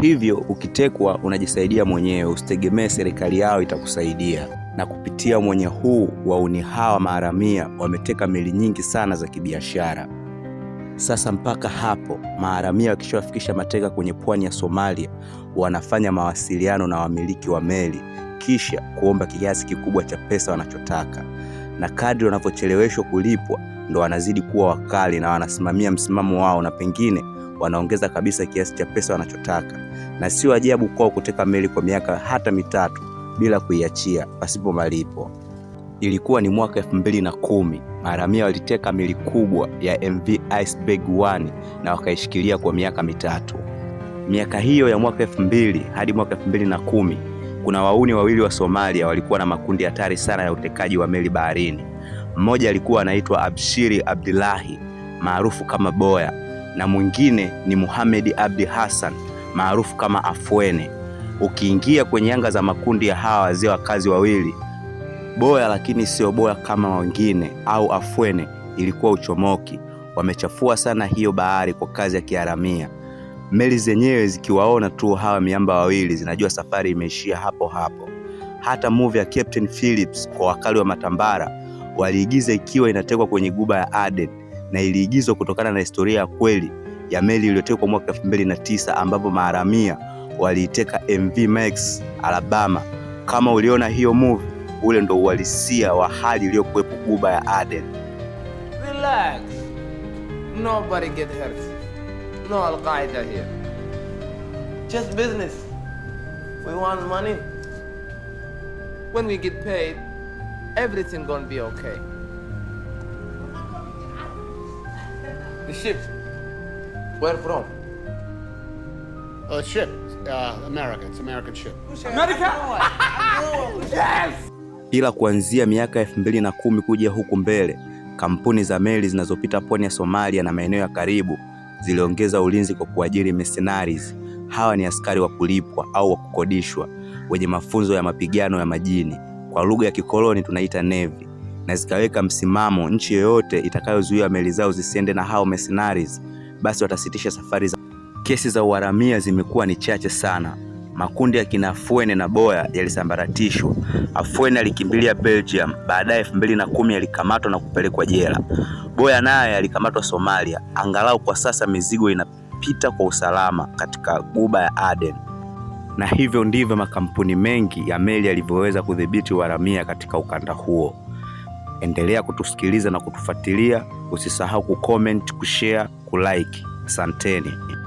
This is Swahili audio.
Hivyo ukitekwa unajisaidia mwenyewe, usitegemee serikali yao itakusaidia. Na kupitia mwenye huu wauni hawa maharamia wameteka meli nyingi sana za kibiashara. Sasa mpaka hapo maharamia wakishawafikisha mateka kwenye pwani ya Somalia, wanafanya mawasiliano na wamiliki wa meli, kisha kuomba kiasi kikubwa cha pesa wanachotaka, na kadri wanavyocheleweshwa kulipwa ndo wanazidi kuwa wakali na wanasimamia msimamo wao na pengine wanaongeza kabisa kiasi cha pesa wanachotaka, na sio ajabu kwao kuteka meli kwa miaka hata mitatu bila kuiachia pasipo malipo. Ilikuwa ni mwaka elfu mbili na kumi. Maharamia waliteka meli kubwa ya MV Iceberg 1 na wakaishikilia kwa miaka mitatu. Miaka hiyo ya mwaka elfu mbili hadi mwaka elfu mbili na kumi kuna wauni wawili wa Somalia walikuwa na makundi hatari sana ya utekaji wa meli baharini. Mmoja alikuwa anaitwa Abshiri Abdillahi maarufu kama Boya na mwingine ni Mohamed Abdi Hassan maarufu kama afwene Ukiingia kwenye anga za makundi ya hawa wazee wakazi wawili boya lakini sio boya kama wengine au afwene ilikuwa uchomoki. Wamechafua sana hiyo bahari kwa kazi ya kiharamia. Meli zenyewe zikiwaona tu hawa miamba wawili zinajua safari imeishia hapo hapo. Hata movie ya Captain Phillips kwa wakali wa Matambara waliigiza ikiwa inatekwa kwenye guba ya Aden na iliigizwa kutokana na historia ya kweli ya meli iliyotekwa mwaka na tisa ambapo maharamia waliiteka MV Max Alabama. Kama uliona hiyo movie, ule ndo uhalisia wa hali iliyokuwepo Ghuba ya Aden. Relax. Nobody get hurt. No Al-Qaeda here. Just business. We want money. When we get paid, everything gonna be okay. The ship. Where from? A ship. Uh, America. It's American ship. America? yes! Ila kuanzia miaka elfu mbili na kumi kuja huku mbele, kampuni za meli zinazopita pwani ya Somalia na maeneo ya karibu ziliongeza ulinzi kwa kuajiri mercenaries. Hawa ni askari wa kulipwa au wa kukodishwa wenye mafunzo ya mapigano ya majini, kwa lugha ya kikoloni tunaita navy na zikaweka msimamo, nchi yoyote itakayozuia meli zao zisiende na hao mercenaries, basi watasitisha safari za. Kesi za uharamia zimekuwa ni chache sana. Makundi ya kina Afuene na Boya yalisambaratishwa. Afuene alikimbilia Belgium, baadaye 2010 mbili na kumi alikamatwa na kupelekwa jela. Boya naye alikamatwa Somalia. Angalau kwa sasa mizigo inapita kwa usalama katika guba ya Aden. Na hivyo ndivyo makampuni mengi ya meli yalivyoweza kudhibiti uharamia katika ukanda huo endelea kutusikiliza na kutufuatilia. Usisahau kucomment, kushare, kulike. Asanteni.